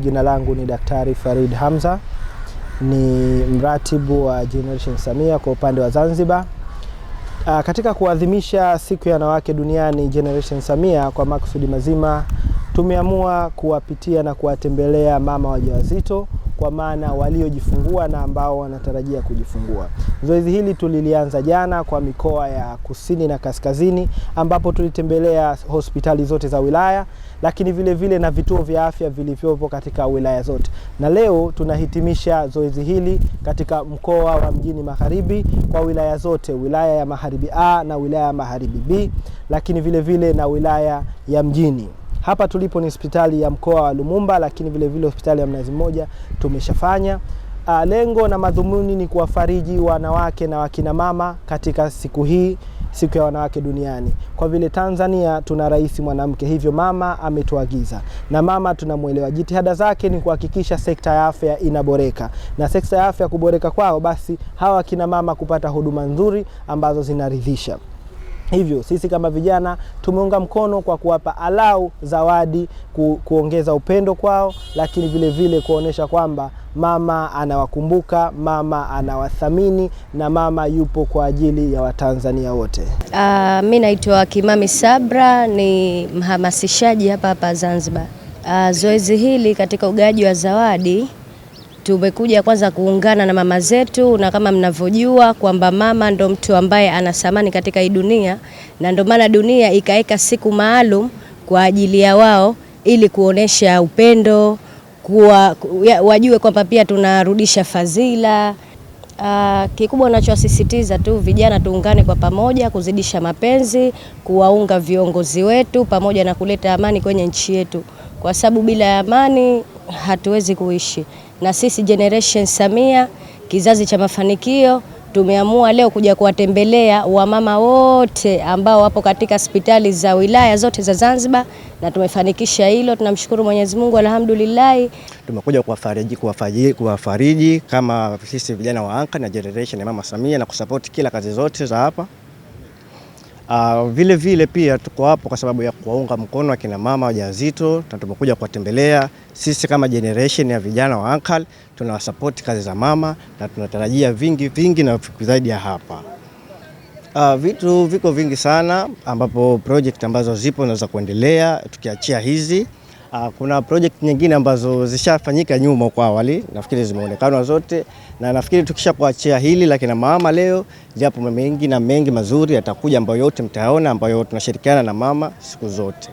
Jina langu ni Daktari Farid Hamza, ni mratibu wa Generation Samia kwa upande wa Zanzibar. Aa, ah, katika kuadhimisha siku ya wanawake duniani Generation Samia kwa makusudi mazima, tumeamua kuwapitia na kuwatembelea mama wajawazito kwa maana waliojifungua na ambao wanatarajia kujifungua. Zoezi hili tulilianza jana kwa mikoa ya Kusini na Kaskazini ambapo tulitembelea hospitali zote za wilaya lakini vile vile na vituo vya afya vilivyopo katika wilaya zote. Na leo tunahitimisha zoezi hili katika mkoa wa Mjini Magharibi kwa wilaya zote, wilaya ya Magharibi A na wilaya ya Magharibi B, lakini vile vile na wilaya ya Mjini. Hapa tulipo ni hospitali ya mkoa wa Lumumba, lakini vile vile hospitali ya Mnazi Mmoja tumeshafanya. Ah, lengo na madhumuni ni kuwafariji wanawake na wakina mama katika siku hii, siku ya wanawake duniani. Kwa vile Tanzania tuna rais mwanamke, hivyo mama ametuagiza na mama tunamwelewa. Jitihada zake ni kuhakikisha sekta ya afya inaboreka, na sekta ya afya kuboreka kwao, basi hawa wakina mama kupata huduma nzuri ambazo zinaridhisha. Hivyo sisi kama vijana tumeunga mkono kwa kuwapa alau zawadi ku, kuongeza upendo kwao, lakini vile vile kuonyesha kwamba mama anawakumbuka, mama anawathamini na mama yupo kwa ajili ya Watanzania wote. Uh, mi naitwa Kimami Sabra ni mhamasishaji hapa hapa Zanzibar. Uh, zoezi hili katika ugaji wa zawadi Tumekuja kwanza kuungana na mama zetu, na kama mnavyojua kwamba mama ndo mtu ambaye ana thamani katika hii dunia, na ndo maana dunia ikaweka siku maalum kwa ajili ya wao ili kuonesha upendo kuwa, wajue kwamba pia tunarudisha fadhila. Uh, kikubwa nachosisitiza tu vijana tuungane kwa pamoja kuzidisha mapenzi, kuwaunga viongozi wetu pamoja na kuleta amani kwenye nchi yetu, kwa sababu bila amani hatuwezi kuishi. Na sisi Generation Samia, kizazi cha mafanikio, tumeamua leo kuja kuwatembelea wamama wote ambao wapo katika hospitali za wilaya zote za Zanzibar, na tumefanikisha hilo. Tunamshukuru Mwenyezi Mungu, alhamdulillah. Tumekuja kuwafariji, kuwafariji, kuwafariji kama sisi vijana wa Anka na generation ya mama Samia na kusapoti kila kazi zote za hapa Uh, vile vile pia tuko hapo kwa sababu ya kuwaunga mkono akina mama wajawazito na tumekuja kuwatembelea. Sisi kama generation ya vijana wa Ankal tunawasapoti kazi za mama na tunatarajia vingi vingi na zaidi ya hapa. Uh, vitu viko vingi sana ambapo project ambazo zipo na za kuendelea tukiachia hizi Ah, kuna project nyingine ambazo zishafanyika nyuma kwa awali, nafikiri zimeonekana zote, na nafikiri tukisha kuachia hili la kina mama leo, japo mengi na mengi mazuri yatakuja, ambayo yote mtayaona, ambayo tunashirikiana na mama siku zote.